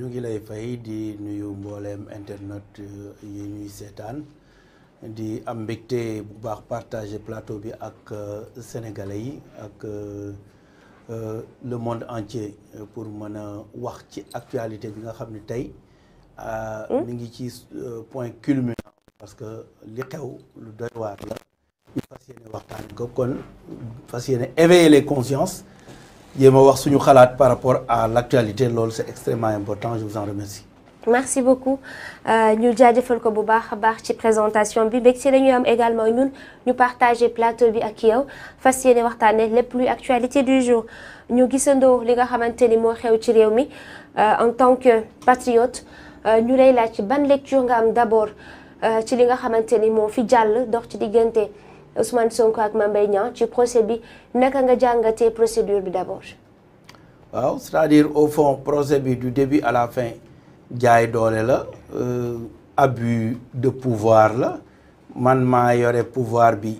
ñu ngi lay fay di nuyu mbooleem internet uh, yi ñuy seetaan di am mbégte bu baax partager plateau bi ak uh, sénégalais yi ak uh, le monde entier pour mën a wax ci actualité bi nga xam ne tey mu hmm? ngi ci point culminant parce que li xew lu doy waar la fas yéene waxtaan ko kon fas yéene éveiller les jéem a wax suñu xalaat par rapport à l'actualité loolu c'est extrêmement important je vous en remercie. merci beaucoup euh, ñu jaajëfal ko bu baax a baax ci présentation bi bég si la ñuy am également ñun ñu partagé plateau bi ak yow fas yéene waxtaane lépp luy actualité du jour ñu gisandoo li nga xamante ni moo xew ci réew mi euh, en tant que patriote euh, ñu lay laaj ci ban lecture nga am d'abord ci li nga xamante ni moo fi jàll dox ci diggante. Ousmane Sonko ak Mame Mbaye Niang ci procès bi naka nga jàngatee procédure bi d'abord. waaw c'est-à-dire au fond procès bi du début à la fin jaay doole la euh, abus de pouvoir la man maa yore pouvoir bi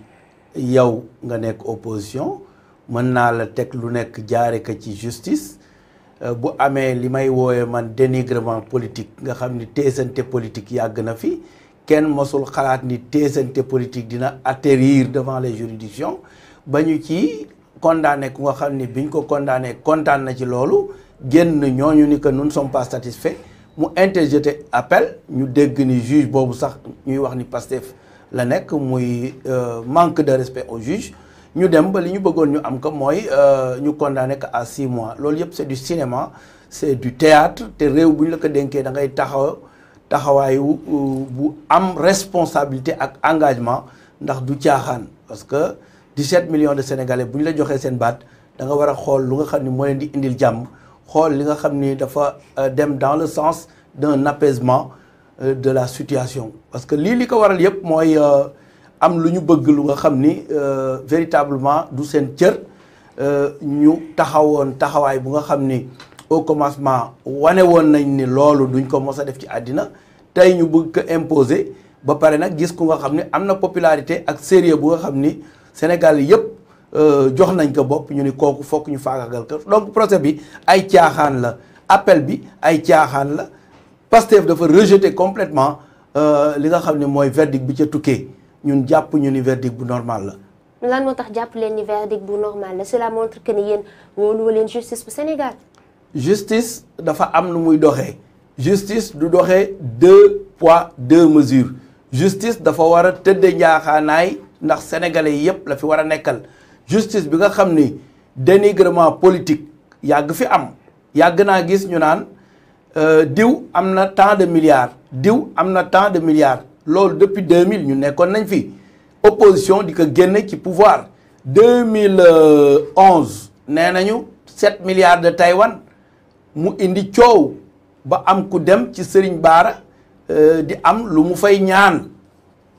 yow nga nekk opposition mën naa la teg lu nekk jaare ko ci justice euh, bu amee li may wooye man dénigrement politique nga xam ni teesante politique yàgg na fi. kenn mosul xalaat ni teesante politique dina atterrir devant les juridictions ba ñu ci condamné ku nga xam ni biñ ko condamné kontaan na ci loolu génn ñooñu ni que nun ne sommes pas satisfaits mu interjeté appel ñu dégg ni juge boobu sax ñuy wax ni Pastef la nekk muy euh, manque de respect au juge ñu dem ba li ñu bëggoon ñu am ko mooy euh, ñu condamné ko à six mois loolu yëpp c'est du cinéma c'est du théâtre te réew bu ñu la ko dénkee da ngay taxaw taxawaayu euh, bu am responsabilité ak engagement ndax du caaxaan parce que 17 million de sénégalais bu ñu la joxee seen baat danga nga war a xool lu nga xam ni moo leen di indil jàmm xool li nga xam ni dafa euh, dem dans le sens d'un apaisement euh, de la situation parce que lii li ko waral yëpp mooy am lu ñu bëgg lu nga xam ni véritablement du seen cër ñu taxawoon taxawaay bu nga xam ni au commencement wane woon nañ ni loolu duñ ko mos a def ci àddina tey ñu bëgg ko imposer ba pare nag gis ku nga xam ne am na popularité ak sérieux bu nga xam ni Sénégal yëpp euh, jox nañ ko bopp ñu ni kooku fokk ñu faagagal ko donc procès bi ay caaxaan la appel bi ay caaxaan la Pastef dafa rejeter complètement euh, li nga xam ne mooy verdict bi ca tukkee ñun jàpp ñu ni verdict bu normal la. lan moo tax jàpp leen ni verdict bu normal la cela montre que ni Sénégal. justice dafa am nu muy doxe justice du doxee deux poids deux mesures justice dafa war a tëdde njaaxaanaay ndax sénégalais yépp la fi war a nekkal justice bi nga xam ni dénigrement politique yàgg fi am yàgg naa gis ñu naan euh, diw am na tant de milliards diw am na tant de milliards loolu depuis 2000 ñu nekkoon nañ fi opposition di ko génne ci pouvoir 2011 euh, nee nañu 7 milliards de Taïwan mu indi coow ba am ku dem ci sëriñ baara euh, di am lu mu fay ñaan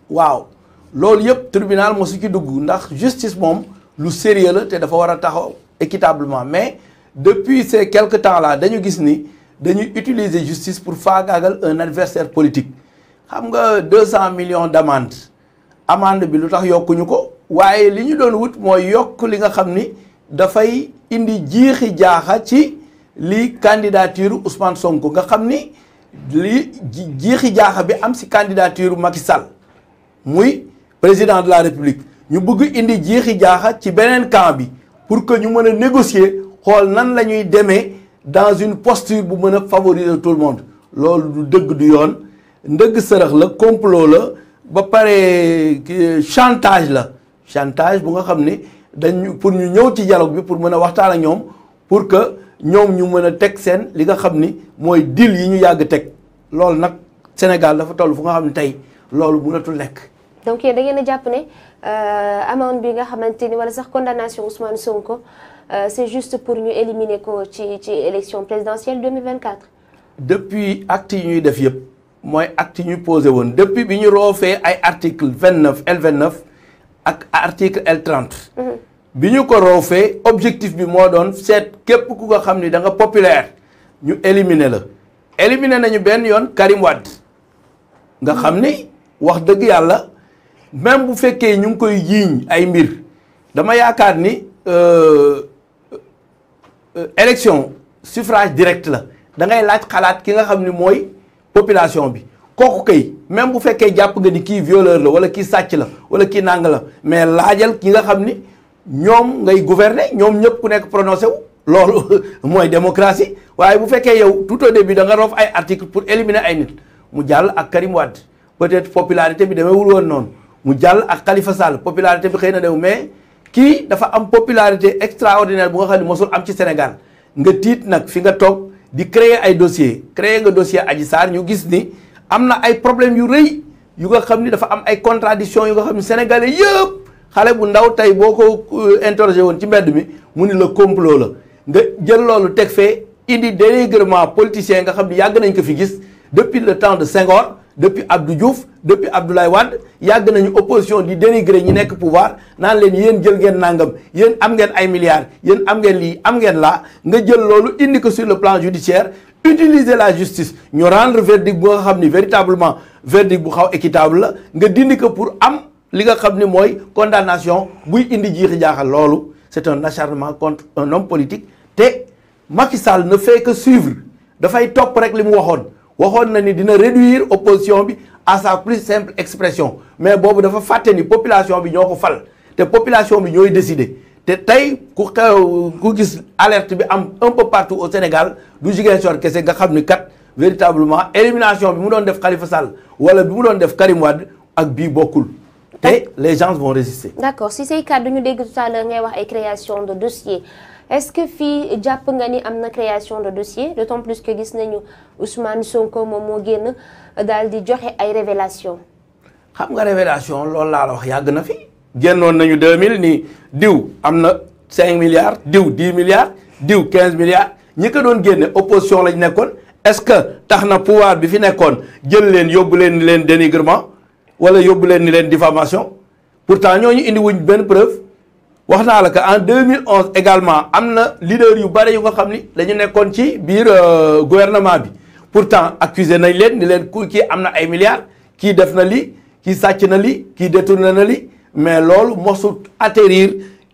waaw loolu yëpp tribunal mosu ci dugg ndax justice moom lu sérieux la te dafa war a taxaw équitablement mais depuis ces quelque temps là dañu gis ni dañuy utiliser justice pour faagaagal un adversaire politique xam nga deux cent millions d'amende amande bi lu tax yokkuñu ko waaye li ñu doon wut mooy yokk li nga xam ni dafay indi jiixi jaaxa ci lii candidature Ousmane Sonko nga xam ni lii jeexi jaaxa bi am si candidature Macky Sall muy président de la République ñu bugg indi jeexi jaaxa ci beneen camp bi pour que ñu mën a négocier xool nan la ñuy demee dans une posture bu mën a favoriser tout le monde loolu du dëgg du yoon ndëgg sërëx la complot la ba pare chantage la chantage bu nga xam ni dañ pour ñu ñëw ci dialogue bi pour mën a waxtaan ak ñoom pour que. ñoom ñu mën a teg seen li nga xam ni mooy deal yi ñu yàgg teg loolu nag Sénégal dafa toll fu nga xam ne tey loolu mënatul nekk. donc yéen da ngeen a jàpp ne euh, amende bi nga xamante ni wala sax condamnation Ousmane Sonko euh, c'est juste pour ñu éliminer ko ci ci élection présidentielle 2024. depuis acte yi ñuy def yëpp mooy acte yi ñu posé woon depuis bi ñu roofee ay article 29 L29 ak article L30. bi ñu ko roofee objectif bi moo doon seet képp ku nga xam ni da nga populaire ñu éliminer la éliminer nañu benn yoon Karim nga xam ni wax dëgg yàlla même bu fekkee ñu ngi koy jiiñ ay mbir dama yaakaar ni euh, euh, élection suffrage direct la da ngay laaj xalaat ki nga xam ni mooy population bi kooku kay même bu fekkee jàpp nga ni kii violeur la wala kii sàcc la wala kii nàng la mais laajal ki nga xam ni ñoom ngay gouverner ñoom ñëpp ku nekk prononcé wu loolu mooy démocratie waaye bu fekkee yow tout au début da nga roof ay article pour éliminer ay nit mu jàll ak Karim Wade peut-être popularité bi wul woon noonu mu jàll ak kalifa Sall popularité bi xëy na dew mais kii dafa am popularité extraordinaire bu nga xam ne mosul am ci Sénégal nga tiit nag fi nga toog di créer ay dossier créer nga dossier Adji Sarr ñu gis ni am na ay problème yu rëy yu nga xam ni dafa am ay contradiction yu nga xam ni sénégalais yëpp xale bu ndaw tey boo ko euh, interrogé woon ci mbedd mi mu ni la complot la nga jël loolu teg fee indi dénigrement politicien nga xam ni yàgg nañ ko fi gis depuis le temps de Senghor depuis Abdou Diouf depuis Abdoulaye Wade yàgg nañu opposition di dénigrer ñi nekk pouvoir naan leen yéen jël ngeen nangam yéen am ngeen ay milliards yéen am ngeen lii am ngeen laa nga jël loolu indi ko sur le plan judiciaire utiliser la justice ñu rendre verdict bu nga xam ni véritablement verdict bu xaw équitable la nga dindi ko pour am. li nga xam ne mooy condamnation buy indi jiixi jaaxal loolu c'est un acharnement contre un homme politique te Macky Sall na fait que suivre dafay topp rek li mu waxoon waxoon na ni dina réduire opposition bi à sa plus simple expression mais boobu dafa fàtte ni population bi ñoo ko fal te population bi ñooy décider te tey ku xew gis alerte bi am un peu partout au Sénégal du Ziguinchor kese nga xam ni kat véritablement élimination bi mu doon def Khalifa Sall wala bi doon def Karim Wade ak bii bokkul te les gens vont résister. d'accord si say kàddu ñu dégg tout à ngay wax ay création de dossier est-ce que fii jàpp nga ni am na création de dossier d'autant plus que gis nañu Ousmane Sonko moom moo génn daal di joxe ay révélation xam nga révélation loolu laa la wax yàgg na fi génnoon nañu 2000 nii diw am na 5 milliards diw 10 milliards diw quinze milliards ñi ko doon génne opposition lañ nekkoon est-ce que tax na pouvoir bi fi nekkoon jël leen yóbbu leen leen dénigrement wala yóbbu leen ni leen diffamation pourtant ñooñu indi wuñ benn preuve wax naa la que en 2011 également am na leader yu bëri yu nga xam ni dañu nekkoon ci biir euh, gouvernement bi pourtant accusé nañ leen ni leen ku kii am na ay milliards kii def na li kii sàcc na li kii détourné na li mais loolu mosul atterrir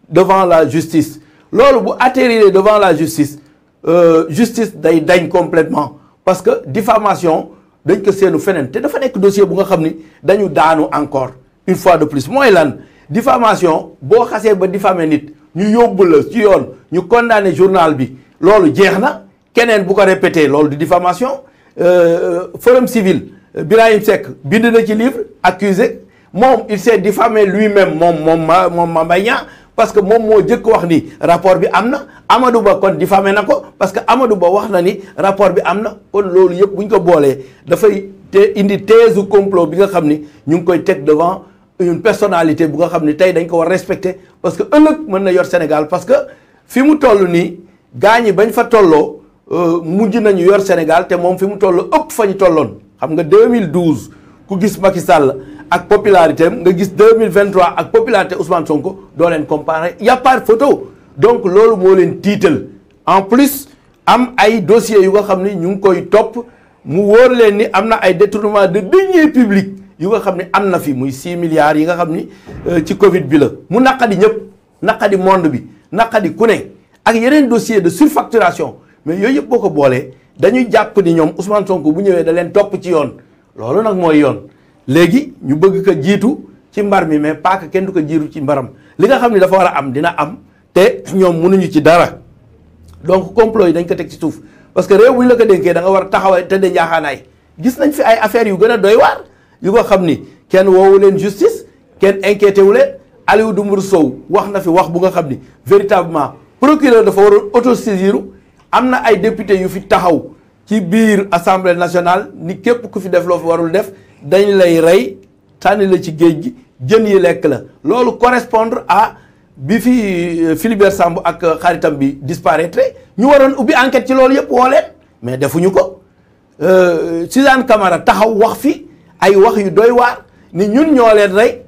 devant la justice loolu bu atterrir devant la justice euh, justice day dañ complètement parce que diffamation dañ ko seenu feneen te dafa nekk dossier bu nga xam ni dañu daanu encore une fois de plus mooy lan diffamation boo xasee ba diffamé nit ñu yóbbu la ci yoon ñu condamné journal bi loolu jeex na keneen bu ko répété loolu di diffamation euh, euh, forum civil Birahim Seck bind na ci livre accusé moom il s'est diffamé lui-même moom moom ma moom Mame Mbaye Niang parce que moom moo jëkk wax ni rapport bi am na Amadou Ba kon diffamé na ko parce que amadu Ba wax na ni rapport bi am na kon loolu yëpp bu ñu ko boolee dafay te indi thèse u complot bi nga xam ni ñu ngi koy teg devant une personnalité bu nga xam ni tey dañ ko war respecter parce que ëllëg mën na yor Sénégal parce que fi mu toll nii gaa ñi bañ fa tolloo euh, mujj nañu yor Sénégal te moom fi mu toll ëpp fa ñu tolloon xam nga 2012 ku gis Macky Sall ak popularité am nga gis deux mille 2023 ak popularité Ousmane Sonko doo leen comparer y a pas photo donc loolu moo leen tiital en plus am ay dossiers yu nga xam ni ñu ngi koy topp mu wóor leen ni am na ay détournement de deniers publics yu nga xam ni am na fi muy 6 milliards yi nga xam ni euh, ci Covid bi la mu naqadi ñëpp naqadi monde bi naqadi ku ne ak yeneen dossier de surfacturation mais yooyu yëpp boo ko boolee dañuy jàpp ni ñoom Ousmane Sonko bu ñëwee da leen topp ci yoon loolu nag mooy yoon. léegi ñu bëgg ko jiitu ci mbar mi mais pas kenn du ko jiitu ci mbaram li nga xam ne dafa war a am dina am te ñoom mënuñu ci dara donc complot yi dañ ko teg ci suuf parce que réew bu ñu la ko dénkee danga war a taxawa tëddee njaaxaanaay gis nañ fi ay affaires yu gën a doy waar yu ko xam ni kenn woowu leen justice kenn inquiété wu leen Aliou Dembourou Sow wax na fi wax bu nga xam ni véritablement procureur dafa waroon autosaisir am na ay député yu fi taxaw ci biir assemblée nationale ni képp ku fi def warul def. dañ lay rey sànni la ci géej gi jën yi lekk la loolu correspondre à bi fi euh, Philibert Samb ak xaritam bi disparaître ñu waroon ubbi enquête ci loolu yëpp woo leen mais defuñu ko euh, Suzanne kamara taxaw wax fi ay wax yu doy waar ni ñun ñoo leen rey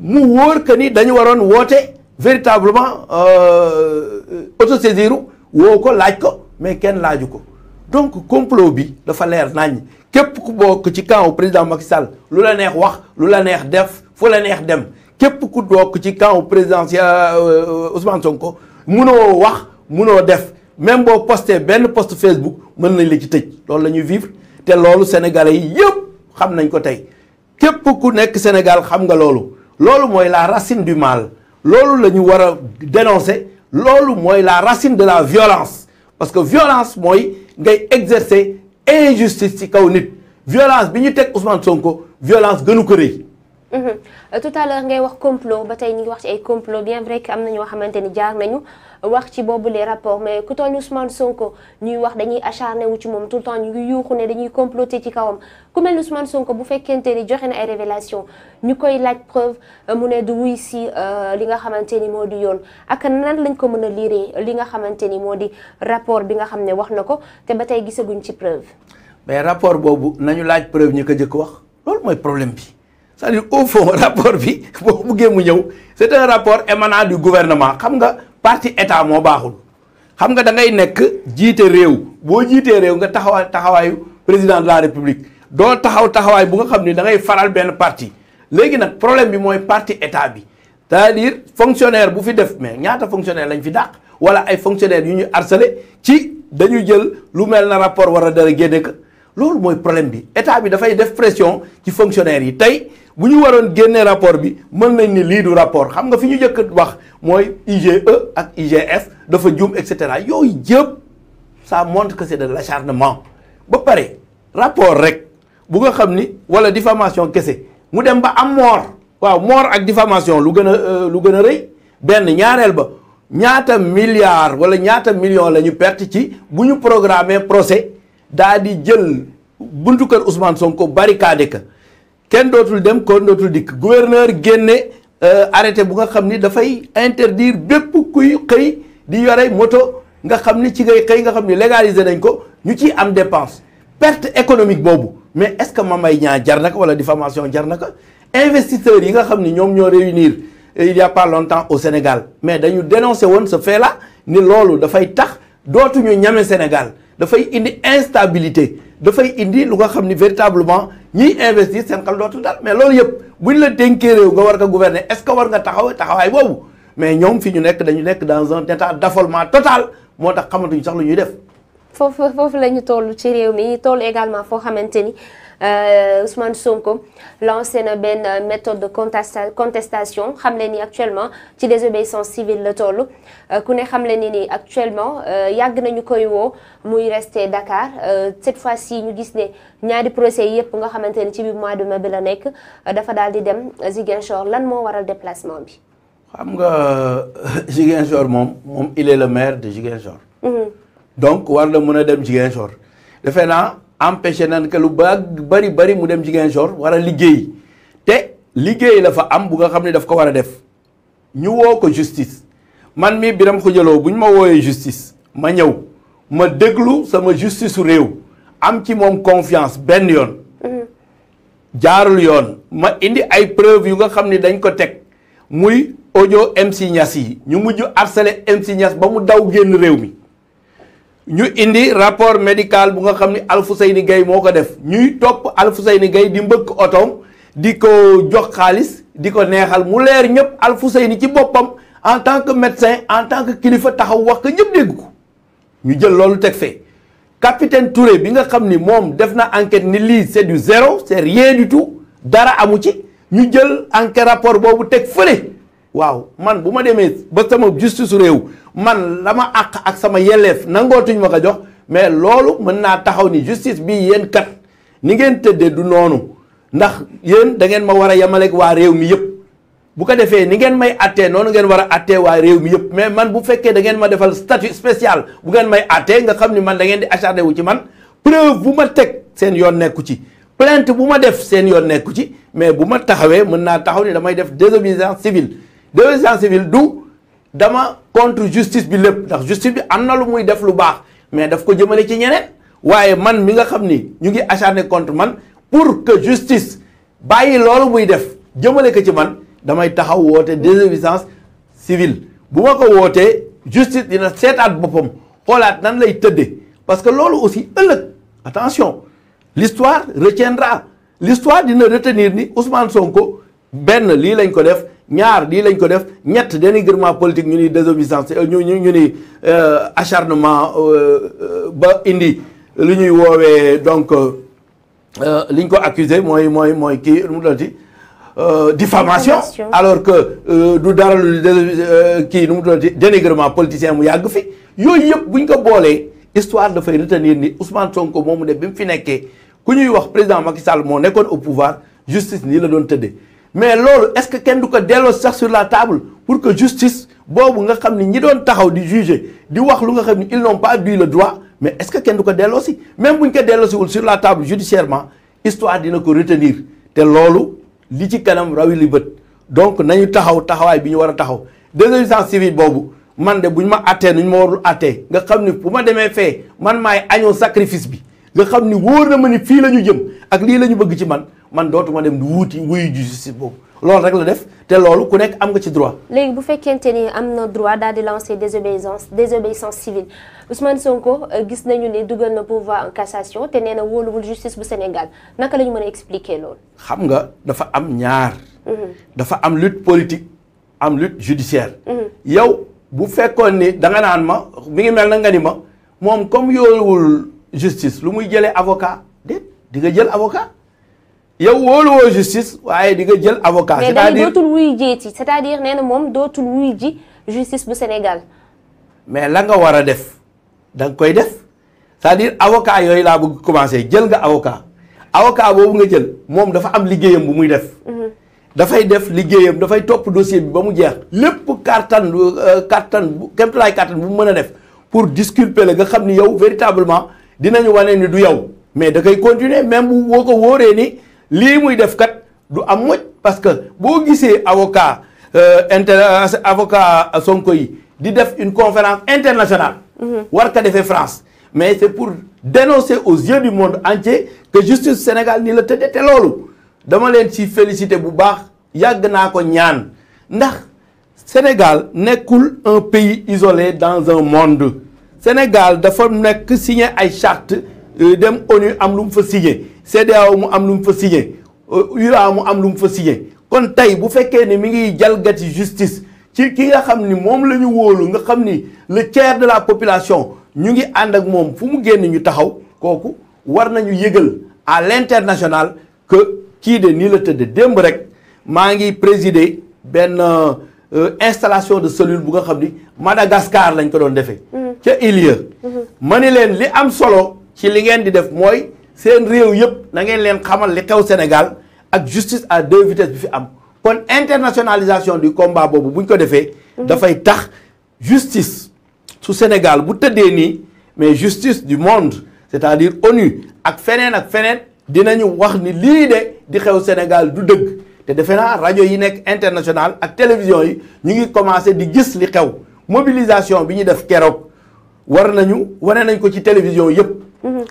mu wóor que ni dañu waroon woote véritablement euh, autosaisiru woo ko laaj ko mais kenn laaju ko donc complot bi dafa leer naññ képp ku bokk ci camp président Macky Sall lu la neex wax lu la neex def fu la neex dem képp ku bokk ci camp président euh, Ousmane Sonko munoo wax munoo def même boo posté benn post Facebook mën nañ la ci tëj loolu lañuy ñuy vivre te loolu sénégalais yi yëpp xam nañ ko tey képp ku nekk Sénégal xam nga loolu loolu mooy la racine du mal loolu la ñu war a dénoncer loolu mooy la racine de la violence parce que violence mooy. ngay exercer injustice ci kaw nit violence bi ñu teg Ousmane Sonko violence gënu ko Mhm. Euh, tout à ngay wax complot ba tey ñu ngi wax ci ay complot bien vrai que am na ñoo xamante ni jaar nañu wax ci boobu les rapports mais ku toll Ousmane Sonko ñuy wax dañuy acharné wu ci moom tout le temps ñu ne dañuy comploter ci kawam ku mel Ousmane Sonko bu fekkente ni joxe na ay révélation ñu koy laaj preuve euh, mu ne du wuy si euh, li nga xamante ni moo di yoon ak nan lañ ko mën a lire li nga xamante ni moo di rapport bi nga xam ne wax na ko te ba tey gisaguñ ci preuve mais rapport boobu nañu laaj preuve ñu ko jëkk wax loolu mooy problème bi c'est-à-dire au fond rapport bi boo buggee mu ñëw c'est un rapport émanant du gouvernement xam nga parti état moo baaxul xam nga da ngay nekk jiite réew boo jiitee réew nga taxawaay taxawaayu président de la république doo taxaw taxawaay bu nga xam ni da ngay faral benn parti léegi nag problème bi mooy parti état bi c'est-à-dire fonctionnaire bu fi def mais ñaata fonctionnaire lañ fi dàq wala ay fonctionnaire yu ñu harcelé ci dañu jël lu mel na rapport war a dara génne ko loolu mooy problème bi état bi dafay def pression ci fonctionnaire yi tey bu ñu waroon génnee rapport bi mën nañ ni lii du rapport xam nga fi ñu njëkk wax mooy IGE ak IGF dafa juum et cetera yooyu yëpp ça montre que c'est la charnement ba pare rapport rek bu nga xam ni wala diffamation kese mu dem ba am moor waaw moor ak diffamation lu gën a euh, lu gën a rëy benn ñaareel ba ñaata milliard wala ñaata million lañu perte ci bu ñu programmee procès daa di jël buntu kër Ousmane Sonko barricade ka kenn dootul dem kon dootul dikk gouverneur génne euh, arrêté bu nga xam ni dafay interdire bépp kuy xëy di yore moto nga xam ni ci ngay xëy nga xam ni légaliser nañ ko ñu ciy am dépense perte économique boobu mais est-ce que mamay ñaa jar naka wala diffamation jar naka investisseurs yi nga xam ni ñoom ñoo réunir euh, il y a longtemps au Sénégal mais dañu dénoncer woon sa fait là ni loolu dafay tax dootuñu ñame Sénégal dafay indi instabilité dafay indi lu nga xam ni véritablement ñiy investir seen xel dootul daal mais loolu yëpp ñu la dénkee réew nga war ko gouverner est-ce que war nga taxaw taxawaay boobu mais ñoom fi ñu nekk dañu nekk dans un état d'affolement total moo tax xamatuñ sax lu ñuy def. foofu foofu la ñu toll ci réew mi ñu toll également foo xamante ni. Euh, Ousmane Sonko lancé na benn euh, méthode de contestation xam leen ni actuellement ci désobéissance civile la toll euh, ku ne xam leen ni nii actuellement yàgg nañu koy woo muy resté Dakar cette fois-ci ñu gis ne ñaari procès yëpp nga xamante ni ci biir mois de mai bi la nekk dafa daal di dem Ziguinchor lan moo waral déplacement bi. xam nga Ziguinchor moom moom il est le maire de Ziguinchor. Mhm. donc war na mën a dem Ziguinchor defe naa. empêché nañ que lu ba bari bari mu dem Ziguinchor war a liggéey te liggéey la fa am bu nga xam ne daf ko war a def ñu woo ko justice man mi biram Khoudia Lo bu ñu ma wooyee justice ma ñëw ma déglu sama justice su réew am ci moom confiance benn yoon mm-hmm. jaarul yoon ma indi ay preuve yu nga xam ni dañ ko teg muy audio MC Niass yi ñu mujj harcelé MC Niass ba mu daw génn réew mi ñu indi rapport médical bu nga xam ni Alfousseyni gay moo ko def ñuy topp Alfousseyni gay di mbëkk otoom di ko jox xaalis di ko neexal mu leer ñëpp Alfousseyni ci boppam en tant que médecin en tant que kilifa taxaw wax ko ñëpp dégg ko ñu jël loolu teg fee capitaine Touré bi nga xam ni moom def na enquête ni lii c'est du zéro c'est rien dara amu ci ñu jël enquête rapport boobu teg fële waaw man bu ma demee ba sama justice réew man la ma àq ak sama yelleef nangootuñ ma ko jox mais loolu mën naa taxaw ni justice bii yéen kat ni ngeen tëddee du noonu ndax yéen da ngeen ma war a yemaleeg waa réew mi yëpp bu ko defee ni ngeen may attee noonu ngeen war a attee waa réew mi yëpp mais man bu fekkee dangeen ma defal statut spécial bu ngeen may attee nga xam ni man da ngeen di acharné wu ci man preuve bu ma teg seen yoon nekku ci plainte bu ma def seen yoon nekku ci mais bu ma taxawee mën naa taxaw ni damay def désobéissance civile désobéissance civile du dama contre justice bi lépp ndax justice bi am na lu muy def lu baax mais daf ko jëmale ci ñeneen waaye man mi nga xam ni ñu ngi acharné contre man pour que justice bàyyi loolu muy def jëmale ko ci man damay taxaw woote désobéissance civile bu ma ko wootee justice dina seetaat boppam xoolaat nan lay tëddee parce que loolu aussi ëllëg attention l'histoire retiendra l'histoire dina retenir ni Ousmane Sonko benn lii lañ ko def ñaar lii lañ ko def ñett dénigrement politique ñu ni désobéissance euh, ñu ñu ñu ni euh, acharnement euh, ba indi lu ñuy woowee donc li ñu ko accusé mooy mooy mooy kii mu doonati diffamation alors que du dara lu kii nu mu doonati dénigrement politicien mu yàgg fi yooyu yëpp bu ñu ko boolee histoire dafay retenir ni Ousmane Sonko moomu ne bi mu fi nekkee ku ñuy wax président Macky Sall moo nekkoon au pouvoir justice nii la doon tëddee mais loolu est-ce que kenn du ko delloo sax sur la table pour que justice boobu nga xam ni ñi doon taxaw di juger di wax lu nga xam ni ils n'ont pas eu le droit mais est-ce que kenn du ko delloo si même bu ñu ko delloosiwul sur la table judiciairement histoire dina ko retenir te loolu li ci kanam rawi li bët donc nañu taxaw taxawaay bi ñu war a taxaw désobéissance civile boobu man de bu ñu ma attee nu ñu ma warul attee nga xam ni bu ma demee fee man maay añoo sacrifice bi nga xam ni wóor na ma ni fii la ñu jëm ak lii la ñu bëgg ci man man dootuma dem di wuuti wuyu ji justice boobu loolu rek la def te loolu ku nekk am nga ci droit. léegi bu fekkente ni am na droit daal di lancer désobéissance désobéissance civile Ousmane Sonko euh, gis nañu ne dugal na pourvoi en cassation te nee na wóoluwul justice bu Sénégal naka la ñu mën a expliquer loolu. xam nga dafa am ñaar. Mhm. dafa am lutte politique am lutte judiciaire. Mhm. yow bu fekkoon ni danga naan ma mi ngi mel na nga ni ma moom comme yóoluwul justice lu muy jëlee avocat déet di nga jël avocat. yow wóoluwoo justice waaye di nga jël avocat. c'est-à-dire mais dootul wuy jeeti c'est-à-dire nee na moom dootul wuy ji justice bu Sénégal. mais la nga war a def da nga koy def c'est-à-dire avocat yooyu laa bëgg commencer jël nga avocat avocat boobu nga jël moom dafa am liggéeyam bu muy def. Mhm. dafay def liggéeyam dafay topp dossier bi ba mu jeex lépp kàttan euh, kàttan bu kéemtalaay kàttan bu mu mën a def pour disculper la nga xam ni yow véritablement dinañu wane ni du yow mais da koy même bu ko wóoree ni. lii muy def kat du am moj parce que boo gisee avocat euh, inter euh, avocat Sonko yi di def une conférence internationale. Mhm. war ka defee France. mais c'est pour dénoncer aux yeux du monde entier que justice Sénégal ni la tëddee te loolu dama leen ci félicité bu baax yàgg naa ko ñaan ndax Sénégal nekkul un pays isolé dans un monde Sénégal dafa nekk signé ay charte euh, dem ONU am lu mu fa signé. CEDEAO mu am lu mu fa signé URA mu am lu mu fa signé kon tey bu fekkee ne mi ngi jalgati justice ci ki nga xam ni moom la ñu wóolu nga xam ni le tiers de la population ñu ngi ànd ak moom fu mu génn ñu taxaw kooku war nañu yëgal à l'international que kii de nii la tëdd démb rek maa ngi présider benn euh, installation de cellule bu nga xam ni Madagascar lañ ko doon defee. Mm. ca Ilie. Mm-hmm. ma ni leen li am solo ci li ngeen di def mooy. seen réew yëpp na ngeen leen xamal li xew Sénégal ak justice à deux vitesses bi fi am kon internationalisation du combat boobu buñ ko defee. Mhm. dafay tax justice su Sénégal bu tëddee nii mais justice du monde c'est-à-dire ONU ak feneen ak feneen dinañu wax ni lii de di xew Sénégal du dëgg te defe naa rajo yi nekk international ak télévision yi ñu ngi commencé di gis li xew mobilisation bi ñu def keroog war nañu wane nañ ko ci télévision yëpp. Mhm.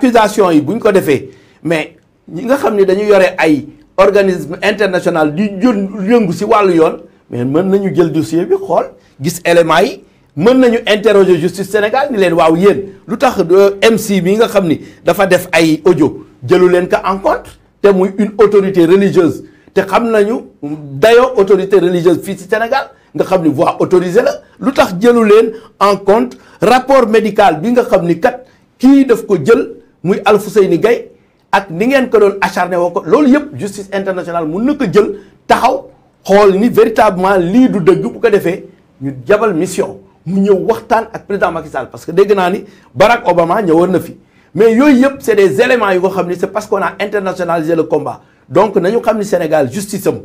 accusation yi bu ñu ko defee mais ñi nga xam ni dañu yore ay organisme international di jël yëngu si wàllu yoon mais mën nañu jël dossier bi xool gis éléments yi mën nañu interroger justice Sénégal ni leen waaw yéen lu tax euh, MC bi nga xam ni dafa def ay audio jëlu leen ko en compte te muy une autorité religieuse te xam nañu dayoo autorité religieuse fii si Sénégal nga xam ni voix autoriser la lu tax jëlu leen en contre rapport médical bi nga xam ni kat kii daf ko jël muy Alfousseyni Gaye ak ni ngeen ko doon acharné woo ko loolu yëpp justice internationale mun na ko jël taxaw xool ni véritablement lii du dëgg bu ko defee ñu jabal mission mu ñëw waxtaan ak président Macky Sall parce que dégg naa ni Barack Obama ñëwoon na fi mais yooyu yëpp c'est des éléments yu ko xam ni c'est parce que a internationalisé le combat donc nañu xam ni Sénégal justice am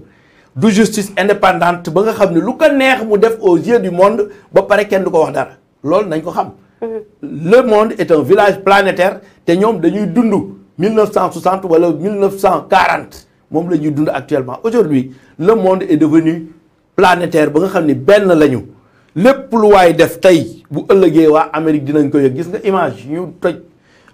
du justice indépendante ba nga xam ni lu ko neex mu def aux yeux du monde ba pare kenn du ko wax dara loolu nañ ko xam Mhm. le monde est un village planétaire te ñoom dañuy dund 1960 wala 1940 moom la ñuy dund actuellement aujourd'hui le monde est devenu planétaire ba nga xam ni benn lañu lépp lu waaye def tey bu ëllëgee waa Amérique dinañ ko yëg gis nga image ñu toj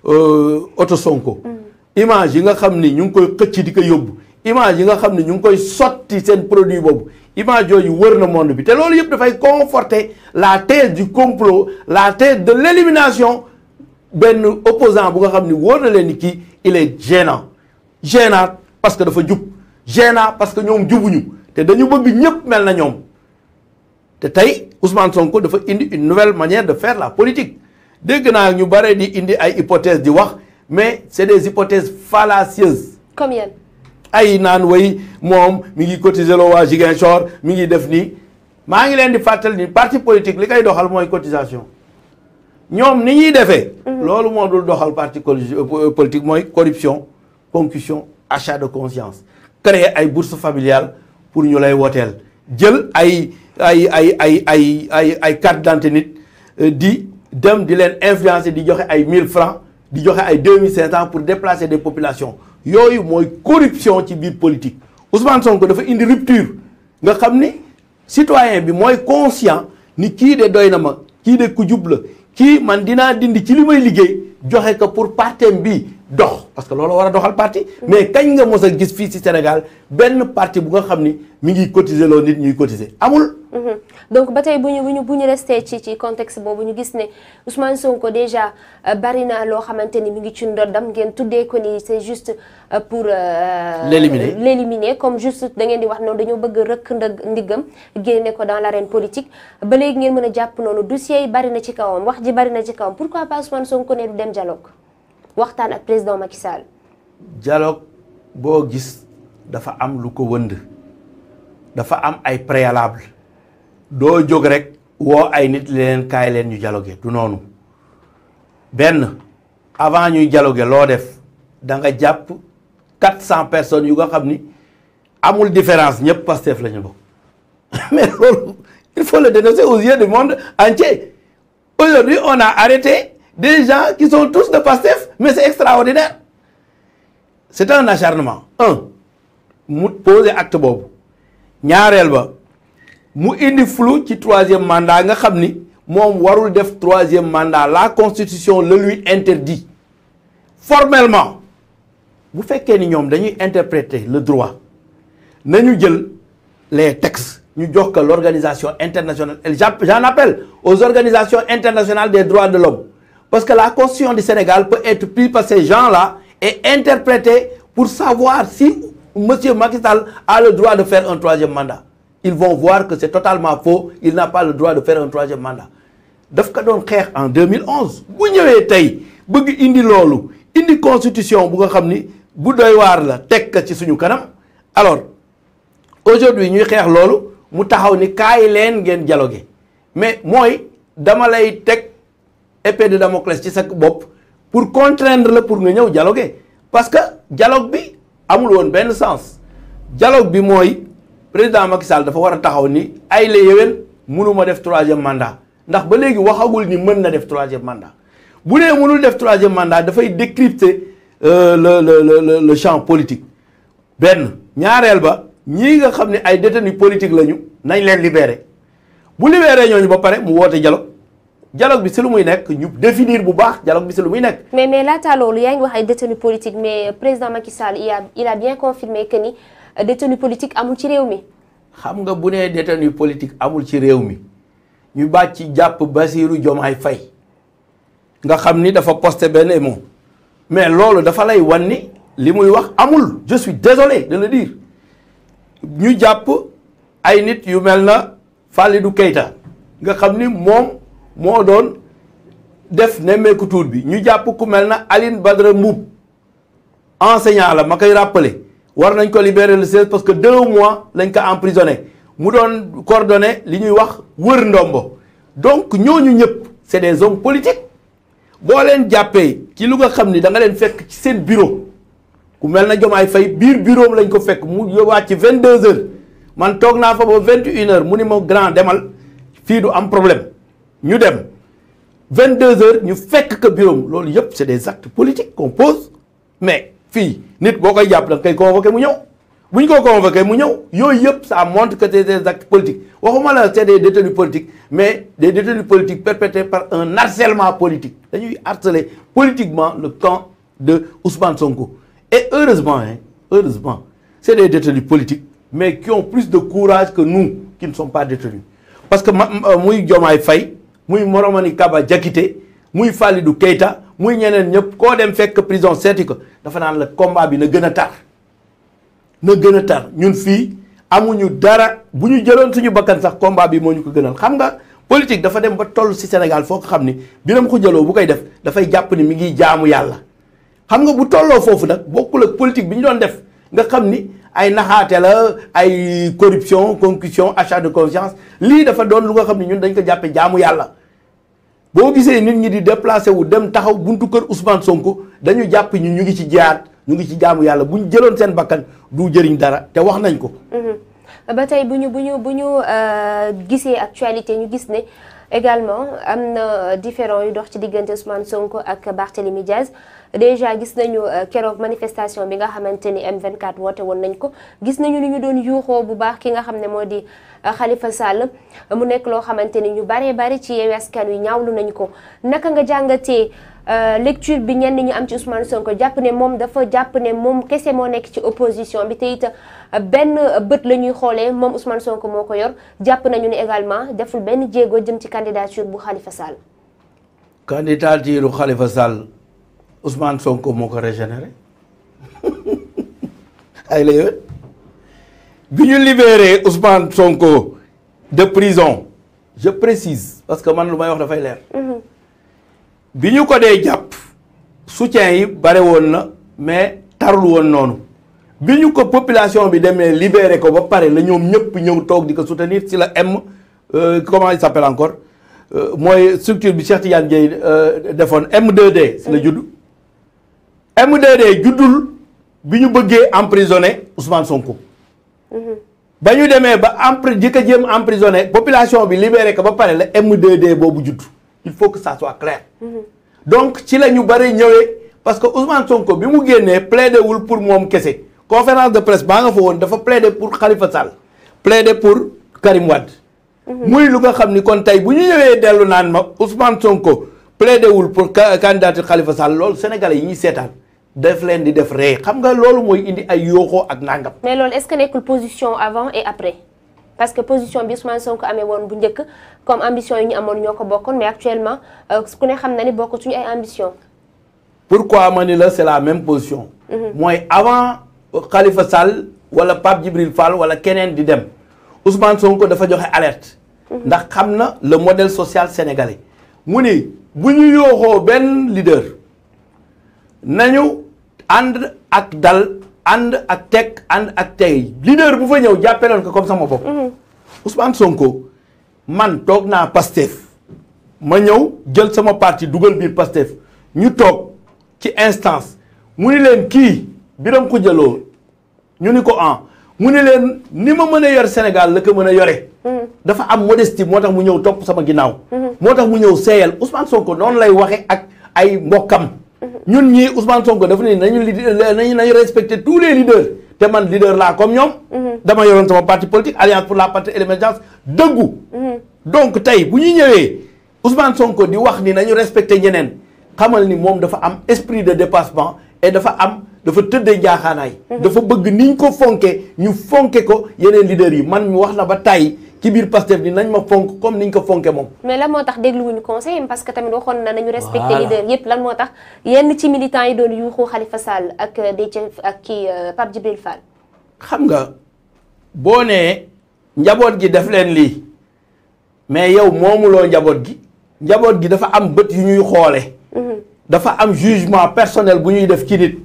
euh, oto Sonko mhm. image yi nga xam ni ñu ngi koy xëcc di ko yóbbu image yi nga xam ni ñu ngi koy sotti seen produit boobu image yooyu wër na monde bi te loolu yëpp dafay conforter la thèse du complot la thèse de l'élimination benn opposant bu nga xam ni wóor na leen ni kii il est gênant gênant parce que dafa jub gênant parce que ñoom jubuñu te dañu bëgg ñëpp mel na ñoom te tey Ousmane Sonko dafa indi une nouvelle manière de fair la politique dégg naa ñu bare di indi ay hypothèses di wax mais c'est des hypothèses fallacieuses. comme yan ay naan way moom mi ngi cotiser loo waa Ziguinchor mi ngi def nii maa ngi leen di fàttali ni parti politique li koy doxal mooy cotisation ñoom ni ñuy defee. Mhm. loolu moo dul doxal parti euh, euh, politique mooy corruption concussion achat de conscience créer ay bourses familiales pour ñu lay woteel jël ay ay ay ay ay ay ay carte d'identité nit euh, di dem di leen influencer di joxe ay 1000 francs di joxe ay 2500 pour déplacer des populations. yooyu mooy corruption ci biir politique Ousmane Sonko dafa indi rupture nga xam ni citoyen bi mooy conscient ni kii de doy na ma kii de ku jub la kii man dinaa dindi ci li may liggéey joxe ko pour partem bi dox parce que loolu war a doxal parti mais kañ nga mos a gis fii ci Sénégal benn parti bu nga xam ni mi ngi cotiser loo nit ñuy cotiser amul. Mhm. donc ba tey bu ñu bu ñu bu ñu ci ci contexte boobu ñu gis ne Ousmane ko déjà euh, bari na loo xamante ni mu ngi ci ndoddam ngeen tuddee ko ni c'est juste euh, pour. Euh, l'éliminer l'éliminer comme juste da ngeen di wax noonu dañoo bëgg rëkk ndëg ndiggam génne ko dans l'arène politique ba léegi ngeen mën a jàpp noonu dossier yi bari na ci kawam wax ji bari na ci kawam pourquoi pas Ousmane Sonko ne dem dialogue waxtaan ak président Macky Sall. dialogue boo gis dafa am lu ko wënd am ay préalable. doo jóg rek woo ay nit leen kaay leen ñu dialogué du noonu benn avant ñuy dialogué loo def da jàpp quatre cent personnes yu nga xam ni amul différence ñëpp Pastef la ñu bokk il faut le dénoncer aux yeux de monde entier aujourd'hui on a arrêté des gens qui sont tous de Pastef mais c'est extraordinaire c'est un acharnement un mu poser acte boobu ñaareel ba mu indi flu ci troisième mandat nga xam ni moom warul def troisième mandat la constitution le lui interdit formellement bu fekkee ni ñoom dañuy interpréter le droit nañu jël les textes ñu jox ko l'organisation internationale j'en appelle aux organisations internationales des droits de l'homme parce que la constitution du Sénégal peut être prise par ces gens-là et interprétée pour savoir si monsieur Macky Sall a le droit de faire un troisième mandat ils vont voir que c'est totalement faux il n'a pas le droit de faire un troisième mandat daf ko doon xeex en 2011 bu ñëwee tey bëgg indi loolu indi constitution bu nga xam ni bu doy waar la teg ci suñu kanam alors aujourd'hui ñuy xeex loolu mu taxaw ni kaay leen ngeen jaloge mais mooy dama lay teg épée de Damoclès ci sa bopp pour contraindre la pour nga ñëw jaloge parce que dialogue bi amul woon benn sens dialogue bi mooy président Macky Sall dafa war a taxaw ni ay la yéwén mënuma def troisième mandat ndax ba léegi waxagul ni mën na def troisième mandat bu dee mënul def troisième mandat dafay décrypter euh, le le le champ politique benn ñaareel ba ñii nga xam ne ay détenus politique lañu nañ leen libéré bu libéré ñooñu ba pare mu woote dialogue dialogue bi si lu muy nekk ñu définir bu baax dialogue bi si lu muy nekk. mais mais laata loolu yaa ngi wax ay détenus politique mais président Macky Sall a bien confirmé que détenu politique amul ci réew mi. xam nga bu nee détenu politique amul ci réew mi ñu bàcc ci jàpp Basirou Diomaye fay nga xam ni dafa posté benn mot mais loolu dafa lay wan ni li muy wax amul je suis désolé ñu jàpp ay nit yu mel na Falidou Keita nga xam ni moom moo doon def nemmeeku tuur bi ñu jàpp ku mel na alin Badra Mboup enseignant la ma koy rappelé war nañ ko libérer le 16 parce que deux mois lañ ko emprisonné mu doon coordonné li ñuy wax wër ndombo donc ñooñu ñëpp c'est des hommes politiques boo leen jàppee ci lu nga xam ni da leen fekk ci seen bureau ku mel na Diomaye fay biir bureau lañ ko fekk mu wàcc ci 22 heures man toog naa fa vingt 21 heures mu ni ma grand demal fii du am problème ñu dem 22 heures ñu fekk ko bureau loolu yëpp c'est des actes politiques qu'on mais fii nit boo koy jàpp da nga koy convoqué mu ñëw bu ñu ko convoqué mu ñëw yooyu yëpp ça montre que c'est des actes politiques waxuma la c'est des détenus politiques mais des détenus politiques perpétrés par un harcèlement politique dañuy harceler politiquement le camp de Ousmane Sonko et heureusement hein heureusement c'est des détenus politiques mais qui ont plus de courage que nous qui ne sommes pas détenus parce que euh, muy Diomaye Faye muy Moromani Kaba Diakité muy Falidou Keita muy ñeneen ñëpp koo dem fekk prison seeti ko dafa naan la combat bi na gën a tar na gën a tar ñun fii amuñu dara bu ñu jëloon suñu bakkan sax combat bi moo ñu ko gënal xam nga politique dafa dem ba toll ci Sénégal foo ko xam ni biram ko jëloo bu koy def dafay jàpp ni mi ngi jaamu yàlla xam nga bu tolloo foofu nag bokkul ak politique bi ñu doon def nga xam ni ay naxaate la ay corruption concussion achat de conscience lii dafa doon lu nga xam ni ñun dañ ko jàppe jaamu yàlla boo gisee nit ñi di déplacé wu dem taxaw buntu kër Ousmane Sonko dañu jàpp ñu ñu ngi ci jiyaat ñu ngi ci jaamu yàlla bu ñu jëloon seen bakkan du jëriñ dara te wax nañ ko. Mhm. ba tey bu ñu bu ñu bu ñu euh, gisee actualité ñu gis ne. également am na différend yu dox ci diggante Ousmane Sonko ak Barthélémy Diaz déjà gis nañu euh, keroog manifestation bi nga xamante ni M24 woote woon nañ ko gis nañu ni ñu doon yuuxoo bu baax ki nga xam ne moo di xalifa euh, Sall mu nekk loo xamante ni ñu baree bari ci Yewwi Askan Wi ñaawlu nañ ko naka nga jàngatee. Euh, lecture bi ñenn ñi am ci Ousmane Sonko jàpp ne moom dafa jàpp ne moom kese moo nekk ci opposition bi te it euh, benn bët la ñuy xoolee moom Ousmane Sonko moo ko yor jàpp nañu ne également deful benn jéego jëm ci candidature bu Khalifa Sall. candidature bu xalifa Sall Ousmane Sonko moo ko régénéré ay la yooyu bi ñu libéré Ousmane Sonko de prison je précise parce que man lu may wax dafay leer. Mhm. bi ñu ko dee jàpp soutien yi bare woon na mais tarul woon noonu bi ñu ko population bi demee libéré ko ba pare la ñoom ñëpp ñëw toog di ko soutenir si la M euh, comment il s'appelle encore euh, mooy structure bi Cheikh Tidiane Dieye euh, defoon m d si la judd d juddul bi ñu bëggee emprisonné Ousmane Sonko mhm. ba ñu demee ba empr di ko jéem emprisonné population bi libéré ko ba pare la M2D boobu juddu il faut que ça soit clair. Mhm. donc ci la ñu bëri ñëwee parce que Ousmane Sonko bi mu génnee plaidé wul pour moom kese conférence de presse baa nga fa woon dafa plaidé pour Khalifa Sall plaidé pour Karim Wade. Mhm. muy lu nga xam ni kon tey bu ñu ñëwee dellu naan ma Ousmane Sonko plaidé wul pour candidature Khalifa Sall loolu sénégal yi ñuy seetaan def leen di def ree xam nga loolu mooy indi ay yooxoo ak nangam. mais loolu est-ce que nekkul position avant et après. parce que position bi Ousmane Sonko amee woon bu njëkk comme ambition yi ñu amoon ñoo ko bokkoon mais actuellement euh, ku ne xam na ni bokk suñu ay ambition pourquoi ma ni la c'est la même position mhm. mooy avant euh, Khalifa Sall wala Pape Djibril Fall wala keneen di dem Ousmane Sonko dafa joxe alerte mhm. ndax xam na le modèle social sénégalais mu ni bu ñu yooxoo benn leader nañu ànd ak dal ànd ak teg ànd ak tey leader bu fa ñëw jàppeloon ko comme sama bopp. Mhm. Ousmane Sonko man toog naa Pastef ma ñëw jël sama parti dugal biir Pastef ñu toog ci instance mu ni leen kii biram ko jëloo ñu ni ko an ah. mu ni leen ni ma mën a yor Sénégal la ko mën a yore. Mhm. dafa am modestie moo tax mu ñëw topp sama ginnaaw. Mhm. moo tax mu ñëw seeyal Ousmane Sonko noonu lay waxe ak ay mbokkam. ñun ñii Ousmane Sonko dafa ne nañu nañu nañu respecter tous les leaders te man leader la comme ñoom. Mhm. dama yoroon sama parti politique alliance pour la patrie et l'émergence dëggu. Mhm. donc tey bu ñu ñëwee Ousmane Sonko di wax ni nañu respecter ñeneen xamal ni moom dafa am esprit de dépassement et dafa am dafa tëddee jaaxaanaay. Mhm. dafa bëgg niñ ko fonke ñu fonke ko yeneen leaders yi man mi wax na ba tey. ci biir Pastef bi nañ ma fonk comme niñ ko fonke moom mais lan moo tax dégluwuñu conseil parce que tamit waxoon na nañu respecté leader yëpp lan moo tax yenn ci militants yi doon yuuxu Khalifa Sall ak Déthié ak kii euh, Pape Djibril Fall xam nga boo nee njaboot gi def leen lii mais yow moomuloo njaboot gi njaboot gi dafa am bët yu ñuy xoole mhm. dafa am jugement personnel bu ñuy def ci nit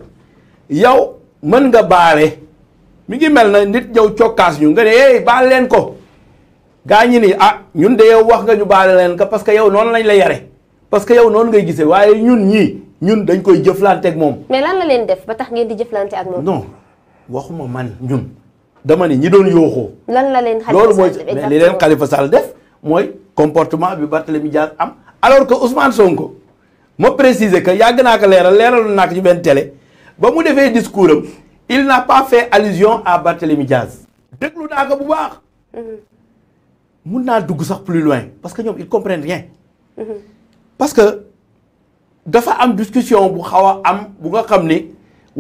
yow mën nga baale mu ngi mel na nit jow cokkaas ñu nga ne baal leen ko gaa ñi ni ah ñun de yow wax nga ñu baale leen ka parce que yow noonu lañ la yare parce que yow noonu ngay gisee waaye ñun ñii ñun dañ koy jëflante ak moom. mais lan la leen def ba tax ngeen di jëflante ak moom. no waxuma man ñun. dama ni ñi doon yooxoo. lan la leen Khalifa Sall loolu leen Khalifa Sall def mooy comportement bi Barthélemy Dias am. alors que Ousmane Sonko ma préciser que yàgg naa ko leeral leeraloon naa ko ci benn télé ba mu defee discours am il n'a pas fait allusion à Barthélemy Dias. déglu naa ko bu mun naa dugg sax plus loin parce que ñoom ils comprennent rien mhm. parce que dafa am discussion bu xaw a am bu nga xam ni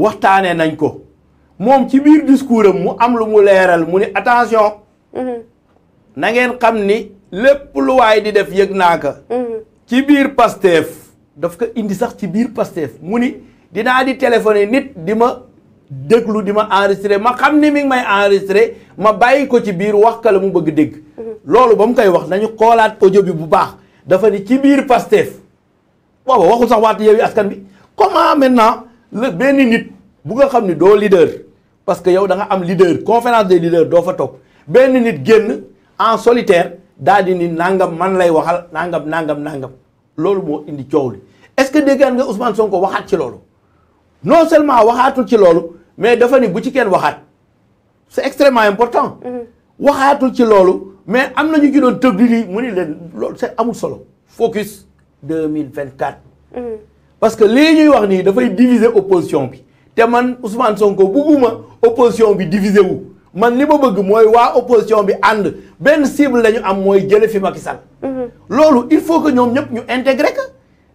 waxtaanee nañ ko moom ci biir discours am mu am lu mu leeral mu ni attention mhm. na ngeen xam ni lépp lu waay di def yëg naa ko mhm. ci biir Pastef daf ko indi sax ci biir Pastef mu ni dinaa di téléphoner nit di ma déglu di ma enregistré ma xam ni mi ngi may enregistré ma bàyyi ko ci biir wax ka la mu bëgg dégg. Mm-hmm. loolu ba mu koy wax nañu xoolaat audio bi bu baax dafa ni ci biir Pastef booba waxul sax waat Yewwi Askan Wi comment maintenant la benn nit bu nga xam ni doo leader parce que yow da am leader conférence des leaders doo fa toog benn nit génn en solitaire daal di ni nangam man lay waxal nangam nangam nangam loolu moo indi coow li est-ce que déggaan nga Ousmane Sonko waxaat ci loolu. non seulement waxaatul ci loolu mais dafa ni bu ci kenn waxaat c'est extrêmement important. Mm-hmm. waxaatul ci loolu mais am na ñu ci doon tëb di mu ni leen loolu c'est amul solo. focus 2024. Mm-hmm. parce que lii ñuy wax nii dafay diviser opposition bi te man Ousmane Sonko bugguma opposition bi diviser wu man li ma bëgg mooy waa opposition bi ànd benn cible la ñu am mooy jële fi Macky Sall. Mm-hmm. loolu il faut que ñoom ñëpp ñu intégré ko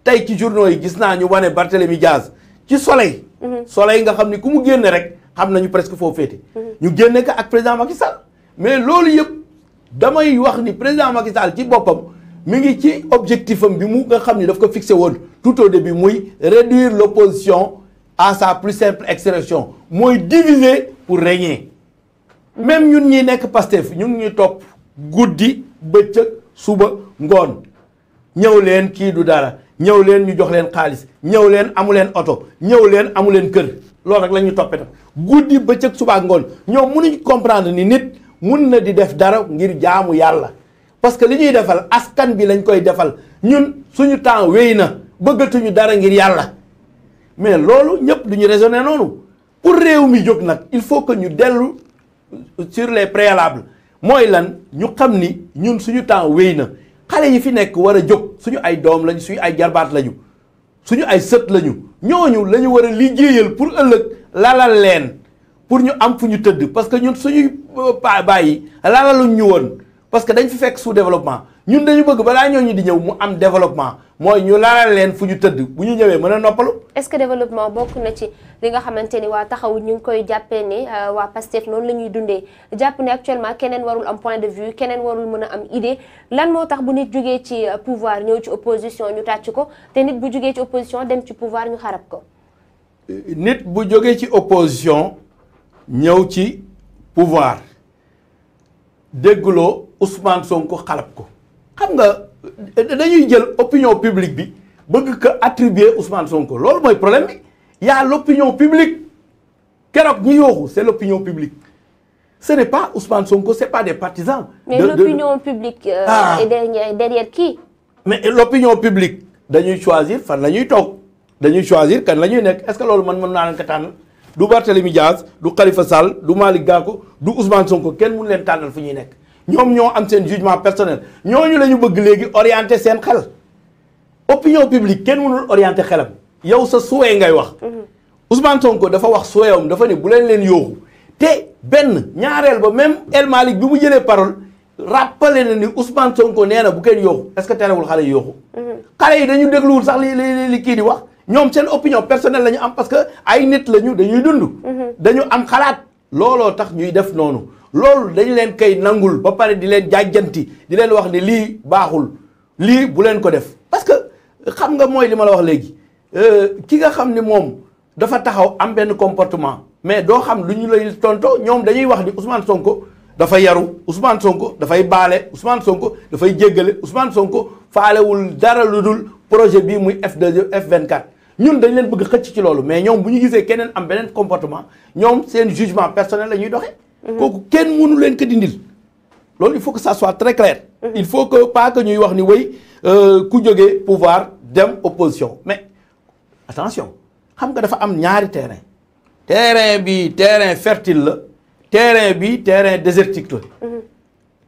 tey ci journaux yi gis naa ñu wane Barthélémy Diaz. ci soleil. Mhm. soleil nga xam ni ku mu génne rek xam nañu presque foo féete. Mhm. ñu génne ko ak président Macky mais loolu yëpp damay wax ni président Macky Sall ci boppam mu ngi ci objectif am bi mu nga xam ni daf ko fixé woon tout au début muy réduire l' opposition à sa plus simple expression mooy diviser pour régner. Mhm. même ñun ñi nekk Pastef ñu ñuy topp guddi bëccëg suba ngoon ñëw leen kii du dara. ñëw leen ñu jox leen xaalis ñëw leen amu leen oto ñëw leen amu leen kër loolu rek la ñu toppee guddi bëccëg suba ak ngoon ñoom mënuñ comprendre ni nit mun na di def dara ngir jaamu yàlla. parce que li ñuy defal askan bi lañ koy defal ñun suñu temps wéy na bëggatuñu dara ngir yàlla mais loolu ñëpp lu ñu raisonné noonu pour réew mi jóg nag il faut que ñu dellu sur les préalables mooy lan ñu xam ni ñun suñu temps wéy na xale yi fi nekk war a jóg. suñu ay doom lañ suñu ay jarbaat lañu suñu ay sët lañu ñooñu la ñu war a liggéeyal pour ëllëg lalal leen pour ñu am fu ñu tëdd parce que ñun suñuy euh, bàyyi lalaluñ ñu woon parce que dañ fi fekk sous développement ñun dañu bëgg balaa ñu di ñëw mu am développement mooy ñu laal leen fu ñu tëdd bu ñu ñëwee mën a noppalu. est-ce que développement bokk na ci li nga xamante ni waa taxaw ñu ngi koy jàppee ni euh, waa Pastef noonu la ñuy dundee jàpp ne actuellement keneen warul am point de vue keneen warul mën a am idée lan moo tax bu nit jugee ci euh, pouvoir ñëw ci opposition ñu tàcc ko te nit bu jugee ci opposition dem ci pouvoir ñu xarab ko. bu jógee ci opposition ñëw ci pouvoir déggloo Ousmane sonk xarab ko xam nga. dañuy jël opinion publique bi bëgg ko attribuer Ousmane Sonko loolu mooy problème bi y a l'opinion publique keroog ñi yooxu c'est l'opinion publique ce n'est pas Ousmane Sonko c'est pas des partisans. mais de, l'opinion de... publique. Euh, ah. est derrière, derrière mais l'opinion publique dañuy choisir fan la ñuy toog dañuy choisir kan la ñuy nekk est-ce que loolu man mën naa leen ko tànn du Barthélémy Diaz du Khalifa Sall du maali Gakou du Ousmane Sonko kenn mun leen tànnal fu ñuy nekk. ñoom ñoo am seen jugement personnel ñooñu la ñu bëgg léegi orienter seen xel opinion publique kenn mënul orienter xelam yow sa souhait ngay wax mhm. Ousmane Sonko dafa wax souhaitam dafa ne bu leen leen yooxu te benn ñaareel ba même El Malick bi mu jëlee parole rappelé na ni Ousmane Sonko nee bu kenn yooxu est que terewul xale yi yooxu mhm. xale yi dañu dégluwul sax li li li kii di wax ñoom seen opinion personnelle la ñu am parce que ay nit la ñu dañuy dund mhm. dañu am xalaat looloo tax ñuy def noonu loolu dañu leen koy nangul ba pare di leen jàjjanti di leen wax ne lii baaxul lii bu leen ko def parce que xam nga mooy li ma la wax léegi euh, ki nga xam ni moom dafa taxaw am benn comportement mais doo xam lu ñu lay tonto ñoom dañuy wax ni Ousmane Sonko dafa yaru Ousmane Sonko dafay baale Ousmane Sonko dafay jéggale Ousmane Sonko faalewul dara lu dul projet bii muy F2 F24 ñun dañ leen bëgg xëcc ci loolu mais ñoom bu ñu gisee keneen am beneen comportement ñoom seen jugement personnel la ñuy doxee kooku kenn mënu leen ko dindil loolu il faut que ça soit très clair il faut que pas que ñuy wax ni way euh, ku jóge pouvoir dem opposition mais attention xam nga dafa am ñaari terrain terrain bi terrain fertile la terrain bi terrain désertique la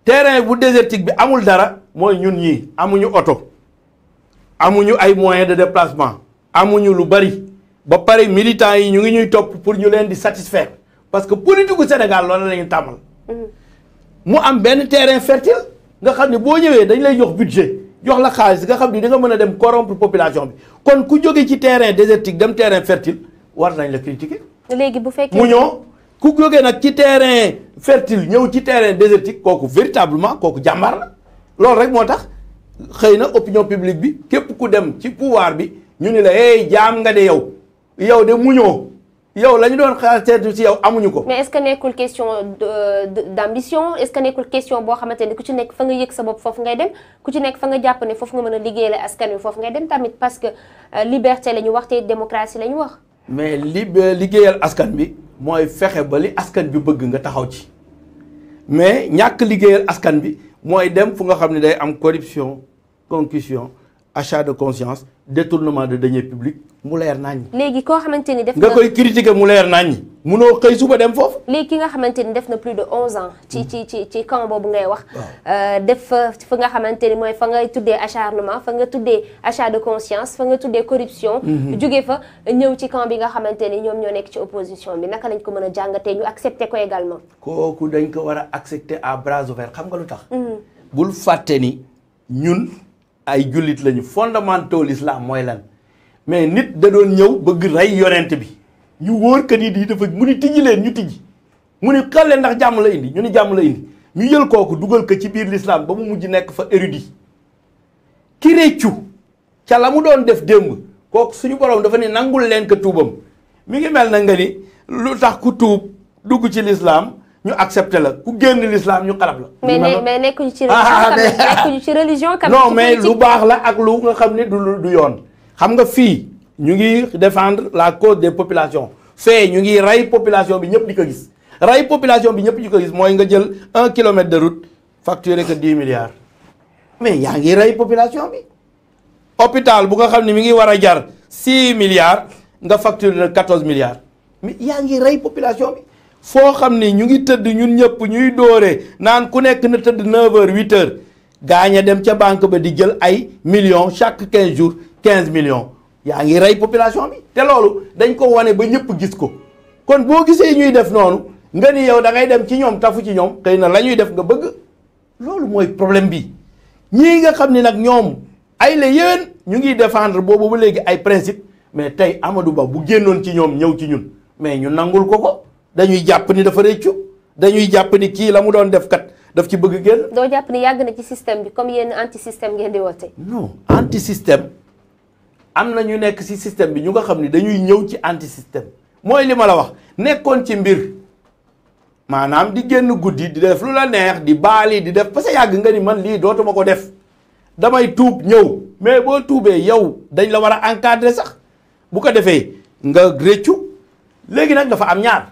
terrain bu désertique bi amul dara mooy ñun ñii amuñu oto amuñu ay moyens de déplacement amuñu lu bari ba pare militants yi ñu ngi ñuy topp pour ñu leen di satisfaire parce que politique gu Sénégal loolu la ñu tàmmal. mu am benn terrain fertile nga xam ne boo ñëwee dañ lay jox budget jox la xaalis nga xam ni di mën a dem corrompre population bi kon ku jóge ci terrain désertique dem terrain fertile war nañ la critiquer. léegi bu fekkee mu ñëw ku jóge nag ci terrain fertil ñëw ci terrain désertique kooku véritablement kooku jàmbaar loolu rek moo tax xëy na opinion publique bi képp ku dem ci pouvoir bi ñu ni la hey jaam nga de yow yow de mu ñëw yow la ñu doon xaar teetu ci yow amuñu ko. mais est que nekkul question euh, d'ambition est-ce que nekkul question boo xamante ni ku ci nekk fa nga yëg sa bopp foofu ngay dem ku ci nekk fa nga jàpp ne foofu nga mën a liggéeyal askan wi foofu ngay dem tamit parce euh, la ñu wax te démocratie la ñu wax. mais li euh, liggéeyal askan bi mooy fexe ba li askan bi bëgg nga taxaw ci mais ñàkk liggéeyal askan bi mooy dem fu nga xam ne day am corruption concussion. achat de conscience détournement de deniers publics mu leer naññi. léegi koo xamante ni def na nga koy critiquer mu leer naññi. munoo xëy suba dem foofu. léegi ki nga xamante ni def na plus de onze ans. ci ci ci ci camp boobu ngay wax. Euh, def fa nga xamante ni mooy fa ngay tuddee acharnement fa nga tuddee achat de conscience fa nga tuddee corruption. Mhm. jóge fa ñëw ci camp bi nga xamante ni ñoom ñoo nekk ci opposition bi naka lañ ko mën a jàngatee ñu accepter ko également. kooku dañ ko war a accepter à bras xam nga lu tax. Mhm. bul fàtte ni ñun. ay jullit lañu fondamentaux l'islam mooy lan mais nit da doon ñëw bëgg rey yonent bi ñu wóor que ni di dafa mu ni tijji leen ñu tijji mu ni xel leen ndax jàmm la indi ñu ni jàmm la indi ñu jël kooku dugal ko ci biir lislaam ba mu mujj nekk fa érudit ki réccu ca la mu doon def démb kooku suñu borom dafa ne nangul leen ko tuubam mi ngi mel na nga ni lu tax ku tuub dugg ci lislaam ñu accepté la ku génn lislaam ñu xarab la. mais mais nekkuñu ci ah, religion. ah non mais lu baax la ak lu nga xam ne du du yoon. xam nga fii ñu ngi defendre la cause des population fee ñu ngi rey population bi ñëpp di ko gis rey population bi ñëpp di ko gis mooy nga jël un kilomètre de route facturé que dix milliards mais yaa ngi rey population bi. hôpital bu nga xam ne mi ngi war a jar six milliards nga facturé na quatorze milliards yaa ngi rey population bi. foo xam ni ñu ngi tëdd ñun ñëpp ñuy dóore naan ku nekk na tëdd 9h 8h gaañ a dem ca banque ba di jël ay million chaque quinze jours quinze million yaa ngi rey population bi te loolu dañ ko wane ba ñëpp gis ko kon boo gisee ñuy def noonu nga ni yow da ngay dem ci ñoom tafu ci ñoom xëy na la ñuy def nga bëgg loolu mooy problème bi ñii nga xam ni nag ñoom ay la yéen ñu ngi défendre boobu ba léegi ay principe mais tey Amadou Ba bu génnoon ci ñoom ñëw ci ñun mais ñu nangul ko ko. dañuy jàpp ni dafa réccu dañuy jàpp ni kii la mu doon def kat daf ci bëgg génn. doo jàpp ni yàgg na ci système bi comme yenn anti système ngeen di woote. non anti système am na ñu nekk si système bi ñu nga xam ni dañuy ñëw ci anti système mooy li ma la wax nekkoon ci mbir maanaam di génn guddi di def lu la neex di baali di def parce que yàgg nga ni man lii dootuma ko def damay tuub ñëw mais boo tuubee yow dañ la war a encadrer sax bu ko defee nga réccu léegi nag dafa am ñaar.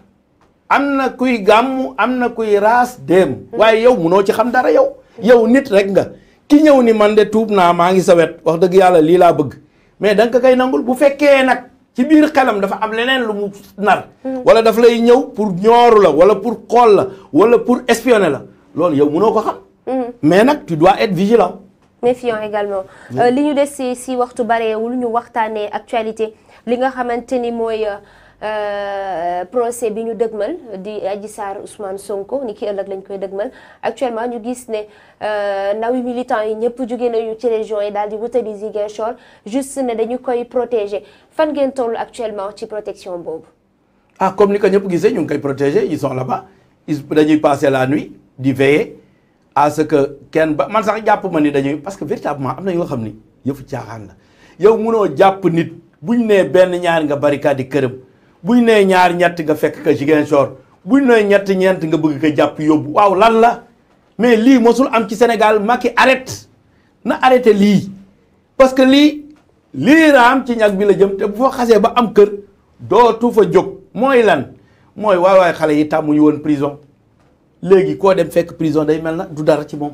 am na kuy gàmm am na kuy raas déem waaye yow munoo ci xam dara yow yow nit rek nga ki ñëw ni man de tuub naa maa ngi sa wet wax dëgg yàlla lii laa bëgg mais da nga koy nangul bu fekkee nag ci biir xelam dafa am leneen lu mu nar hmm. wala daf lay ñëw pour ñooru la wala pour xool la wala pour espionner la loolu yow munoo ko xam hmm. mais nag tu dois être vigilant méfiant également hmm. euh, li ñu des si si waxtu bareewul ñu waxtaanee actualité li nga xamante ni mooy euh, Euh, procès bi ñu dëgmal di Adji Sarr Ousmane Sonko ni ki ëllëg lañ koy dëgmal actuellement ñu gis ne euh, ndawi militants yi ñëpp jóge nañu ci région yi daal di wutali Ziguinchor juste ne dañu koy protégé fan ngeen toll actuellement ci protection boobu. ah comme ni ko ñëpp gisee ñu ngi koy protéger ils sont la bas ils dañuy passer la nuit di veiller à ce que kenn ba man sax jàpp ma ni dañuy parce que véritablement am na yoo xam ni yëfu caaxaan la yow munoo jàpp nit buñ nee benn ñaar nga barricade këram. buñ nee ñaar ñett nga fekk ka Ziguinchor buñ nee ñett ñeent nga bëgg ko jàpp yóbbu waaw lan la mais lii mosul am ci Sénégal Macky arrête na arrêté lii parce que lii lii raam ci ñag bi la jëm te bu fa xasee ba am kër dootu fa jóg mooy lan mooy waay waaye xale yi tàmmuñu woon prison léegi koo dem fekk prison day mel na du dara ci moom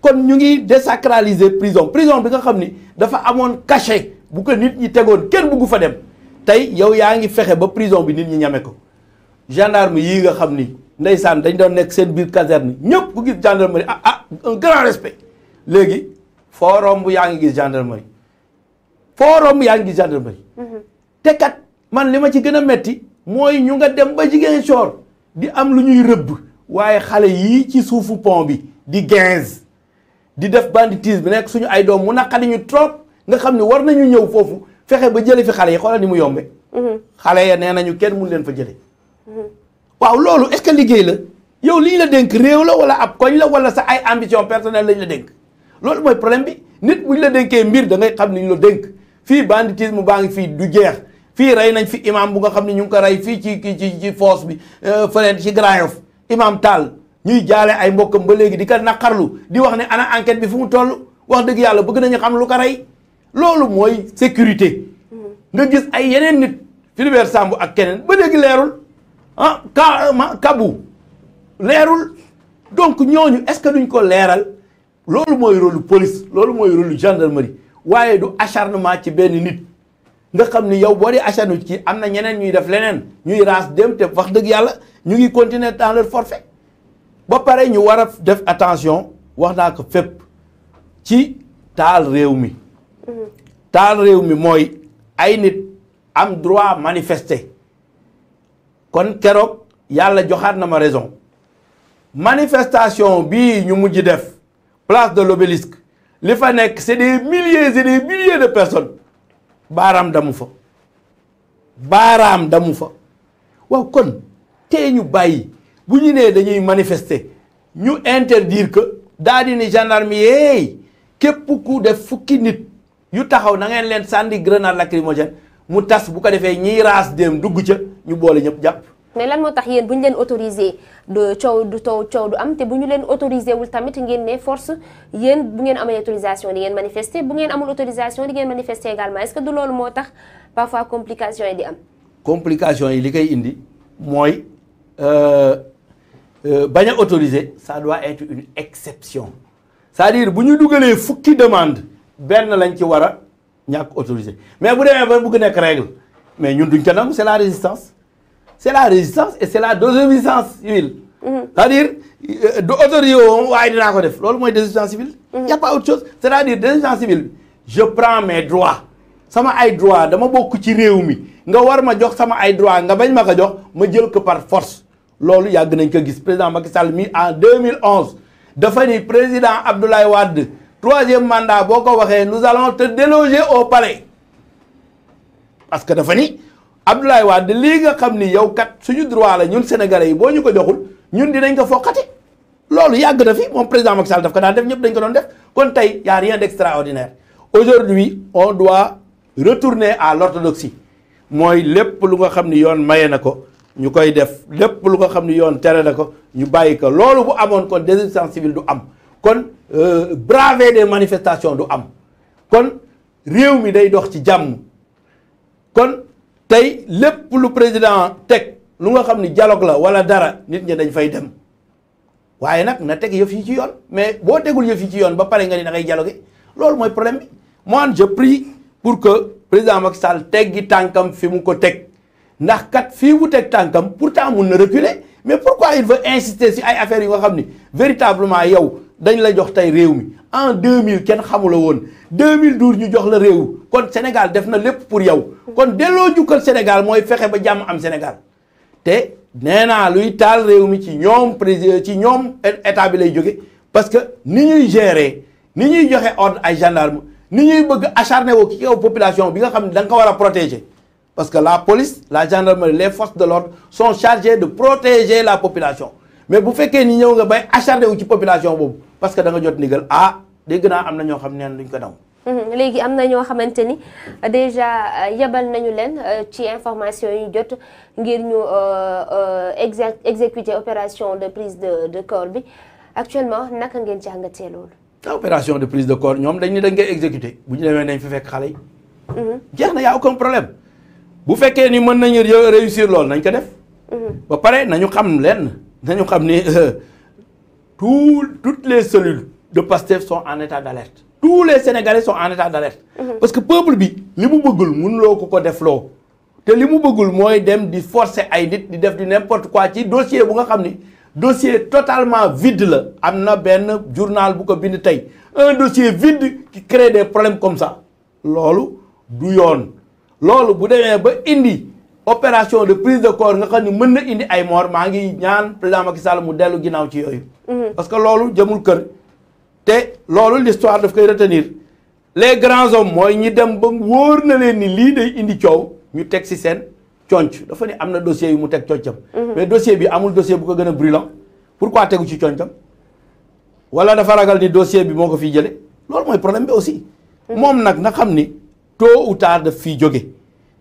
kon ñu ngi désacraliser prison prison bi nga xam ni dafa amoon cachet bu ko nit ñi tegoon kenn bëggu fa dem tey yow yaa ngi fexe ba prison bi nit ñi ñame ko gendarme yii nga xam ni ndeysaan dañ doon nekk seen biir caserne ñëpp ku gis gendarmerie ah ah un grand respect léegi foo yaa ngi gis gendarmerie foo romb yaa ngi gis gendarmerie. Mhm. te kat man li ma ci gën a metti mooy ñu nga dem ba jigéen soor di am lu ñuy rëbb waaye xale yi ci suufu pont bi di 15 di def banditisme nekk suñu ay doom mu naqari ñu trop nga xam ne war nañu ñëw foofu. fexe ba jële fi xale yi xoolal ni mu yombe mm-hmm. xale ya nee nañu kenn mun leen fa jële mm-hmm. waaw loolu est-ce que liggéey la yow li ñu la dénk réew la wala ab koñ la wala sa ay ambition personnelle lañ la dénk loolu mooy problème bi nit bu ñu la dénkee mbir da xam ni ñu la dénk fii banditisme baa ngi fii du jeex fii rey nañ fi imam bu nga xam ne ñu ngi ko rey fii ci ci ci foos bi euh, fële ci Grand Yoff imam Tall ñuy jaale ay mbokkam ba léegi di ko naqarlu di wax ne ana enquête bi fu mu toll wax dëgg yàlla bëgg nañu xam lu ko rey loolu mooy sécurité nga gis ay yeneen nit Philibert Sambou ak keneen ba léegi leerul ah ka kabu leerul donc ñooñu est-ce que duñ ko leeral loolu mooy rôle police loolu mooy rôle gendarmerie waaye du acharnement ci benn nit nga xam ni yow boo dee acharnement ci am na ñeneen ñuy def leneen ñuy raas dem te wax dëgg yàlla ñu ngi continuer dans leur forfait ba pare ñu war a def attention wax naa ko fépp ci taal réew mi taal réew mi mooy ay nit am droit manifester kon keroog yàlla joxaat na ma raison manifestation bi ñu mujj def place de l'obélisque li fa nekk c'est des milliers et de personnes baaraam damu fa baraam damu fa waaw kon tee ñu bàyyi bu ñu nee dañuy manifester ñu interdire que daa di ni gendarme yeey képp ku def fukki nit yu taxaw na ngeen leen sànni grenade lacrymogène mu tas bu ko defee ñiy raas dem dugg ca ñu boole ñëpp jàpp. mais lan moo tax yéen bu ñu leen autorisé du du taw coow du am te bu ñu leen autorisé wul tamit ngeen ne force yéen bu ngeen amee autorisation di ngeen manifester bu ngeen amul autorisation di ngeen manifester également est-ce que du loolu moo tax parfois complication yi di am. complication yi li koy indi mooy euh, euh, bañ a autorisé ça doit être une exception cest dire bu ñu dugalee fukki demande benn lañ ci war a ñàkk autorisé mais bu demee ba bugg nekk règle mais ñun duñ ko nangu c' la résistance c' est la résistance et c' la désobéissance civile mhm. c'est-à-dire euh, du autorisé woon waaye dinaa ko def loolu mooy désobéissance civile mhm. y a pas autre chose c'est-à-dire désobéissance civile je prends mes droits sama ay droit dama bokk ci réew mi nga war ma jox sama ay droit nga bañ ma ka jox ma jël ko par force loolu yàgg nañ ko gis président Macky Sall mi en 2011 dafa ni président Abdoulaye Wade troisième mandat boo ko waxee nous allons te déloger au pare parce que dafa ni waa Wade lii nga xam ni yow kat suñu droit la ñun sénégalais yi boo ñu ko joxul ñun dinañ ko fokkati loolu yàgg na fi moom président Macky Sall daf ko daan def ñëpp dañ ko doon def kon tey y a rien d'extraordinaire aujourd'hui on doit retourner à l'orthodoxie mooy lépp lu nga xam ni yoon maye na ko ñu koy def lépp lu nga xam ni yoon tere na ko ñu bàyyi ko loolu bu amoon kon désobéissance civile du am kon euh, braver de manifestation du am kon réew mi day dox ci jàmm kon tey lépp lu président teg lu nga xam ni dialogue la wala dara nit ñi dañ fay dem waaye nag na teg yëf yi ci yoon mais boo tegul yëf yi ci yoon ba pare nga ni da ngay dialoguer loolu mooy problème bi moi je prie pour que président Macky Sall teggi tànkam fi mu ko teg ndax kat fii mu teg tànkam pour pourtant mun na reculer mais pourquoi il veut insister si ay affaires yu nga xam ni véritablement yow dañ la jox tey réew mi en mille kenn xamula woon mille 2012 ñu jox la réew kon Sénégal def na lépp pour yow kon delloo jukkal Sénégal mooy fexe ba jàmm am Sénégal te nee naa luy taal réew mi ci ñoom président ci ñoom état bi lay jóge parce que ni ñuy gérer ni ñuy joxe ordre ay gendarme ni ñuy bëgg acharné woo ki kaw population bi nga xam ne da nga ko war a protéger parce que la police la gendarmerie les forces de l'ordre son chargées de protéger la population mais bu fekkee ni ñëw nga bay acharné wu ci population boobu parce que da jot ndigal ah dégg naa am na ñoo xam neen duñ ko daw mhm, léegi am na ñoo xamante ni euh, déjà euh, yebal nañu leen euh, ci information yu jot ngir ñu exécuter opération de prise de de corps bi actuellement naka ngeen jàngatee loolu. Ah, opération de prise de corps ñoom dañ ne dañ koy exécuter bu ñu nañ fi fekk xale mhm. jeex na y' a problème bu fekkee ni mën nañu réussir loolu nañ ko def. Mhm. ba pare nañu xam leen nañu xam ne euh, tout toutes les cellules de Pastef sont en état d'alerte tous les Sénégalais sont en état d'alerte mhm. parce que peuple bi li mu bëggul mënuloo ko ko def loo te li mu bëggul mooy dem di forcer ay nit di def di n'importe quoi ci dossier bu nga xam ni dossier totalement vide la am na benn journal bu ko bind tey un dossier vide qui crée des comme ça loolu du yoon loolu bu demee ba indi opération de prise de corps nga xam ni mën na indi ay mort maa ngi ñaan président Macky Sall mu dellu ginnaaw ci yooyu. Mhm. parce que loolu jëmul kër. te loolu l'histoire daf koy retenir les grands hommes mooy ñi dem ba wóor na leen ni lii day indi coow ñu teg ci seen conc dafa ne am na dossier yu mu teg concam. Mhm. mais dossier bi amul dossier bu ko gën a brûlant pourquoi tegu ci am wala dafa ragal ni dossier bi moo ko fii jële loolu mooy problème bi aussi. Mhm. moom nag na xam ni tôt ou tard daf fiy jóge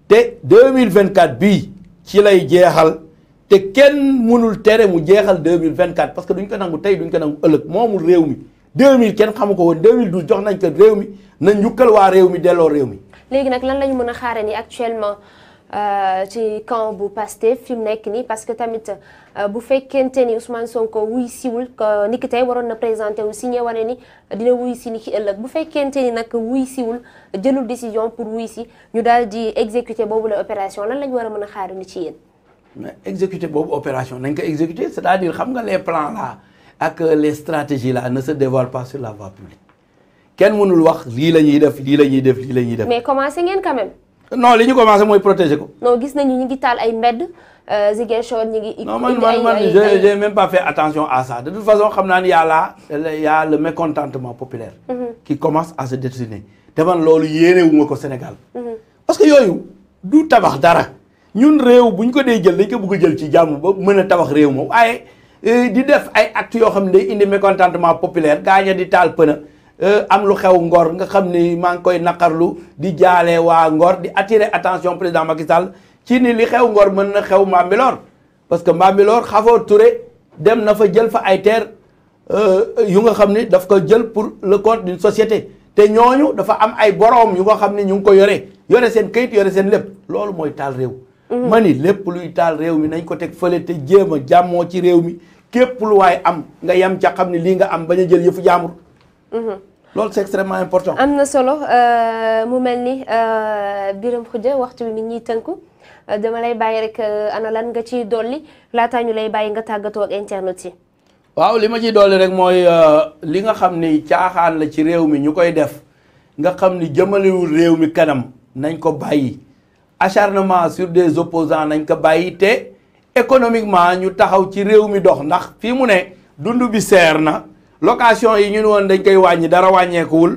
te vingt 2024 bii ci lay jeexal te kenn mënul tere mu jeexal 2024 parce que duñ ko nangu tey duñ ko nangu ëllëg moomul réew mi 2000 kenn xamu ko woon 2012 jox nañ ko réew mi nañ njukkal waa réew mi delloo réew mi. léegi nag lan lañu mën a xaaree ni actuellement. Euh, ci camp bu Pastef fi mu nekk nii parce que tamit euh, bu fekkente ni Ousmane Sonko wuy siwul ni ki tey waroon na présenté wu si signé wane ni dina wuy si ni ki ëllëg bu fekkente ni nag wuy siwul jëlul décision pour wuy si ñu daal di exécuter boobu la opération lan lañ war a mën a xaar ni ci yéen. mais exécuter boobu opération nañ ko exécuter c'est-à-dire xam nga les plans la ak euh, les stratégies là ne se dévoilent pas la voie publique kenn mënul wax lii la ñuy def lii la ñuy def lii la ñuy def. mais commencé ngeen quand non li ñu commencé mooy protéger ko. non gis nañu ñu ngi taal ay mbedd euh, Ziguinchor man man man je j'ai même pas fait attention à ça de toute façon xam naa ni yàlla a y a le mécontentement populaire. Mm-hmm. qui commence à se détruire te man loolu yéenewuma ko Sénégal. Mm-hmm. parce que yooyu du tabax dara ñun réew bu ñu ko dee jël dañ ko bëgg a jël ci jàmm ba mën a tabax réew moom waaye euh, di def ay actes yoo xam ne day indi mécontentement populaire gaañ a di taal pëna Euh, am lu xew Ngor nga xam ni maa ngi koy naqarlu di jaale waa Ngor di attirer attention président Macky Sall ci ni li xew Ngor mën na xew Mbambilor parce que Mbambilor Xafoor ture dem na fa jël fa ay terre euh, yu nga xam ni daf ko jël pour le compte d'une société te ñooñu dafa am ay boroom yu nga xam ni ñu ngi ko yore yore seen këyit yore seen lépp loolu mooy taal réew. Mm-hmm. ma ni lépp luy taal réew mi nañ ko teg fële te jéem a jàmmoo ci réew mi képp lu waaye am nga yem ca xam ni lii nga am bañ jël yëfu jaamur. loolu c'est extrêmement important. am na solo euh, mu mel ni euh, Birame Khoudia waxtu bi mi ñuy tënku dama lay bàyyi rek euh, ana lan nga ciy dolli laataa ñu lay bàyyi nga tàggatoo ak internet yi. waaw li ma ciy dolli rek mooy li nga xam ni caaxaan la ci réew mi ñu koy def nga xam ni jëmalewul réew mi kanam nañ ko bàyyi acharnement sur des opposants nañ ko bàyyi te économiquement ñu taxaw ci réew mi dox ndax fii mu ne dund bi seer na. location yi ñu ñun woon dañ koy wàññi dara wàññeekuwul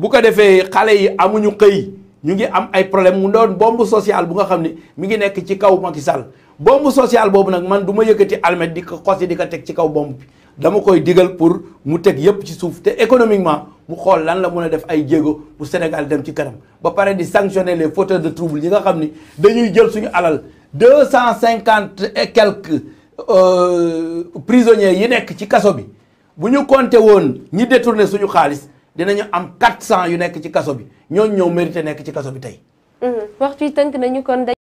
bu ko defee xale yi amuñu xëy ñu ngi am ay problème mu doon bombe social bu nga xam ni mi ngi nekk ci kaw Macky Sall bombe sociale boobu nag man du ma yëkkati almet di ko xosi di ko teg ci kaw bombe bi dama koy digal pour mu teg yëpp ci suuf te économiquement mu xool lan la mun a def ay jéego bu Sénégal dem ci kanam ba pare di sanctionner les fauteurs de trouble ñi nga xam ni dañuy jël suñu alal deux cent cinquante et quelques euh, prisonniers yi nekk ci kaso bi bu ñu compté woon ñi détourné suñu xaalis dinañu am 400 yu nekk ci kaso bi ñooñu ñëw mérité nekk ci kaso bi tey. Mmh. waxtu yi tënk nañu kon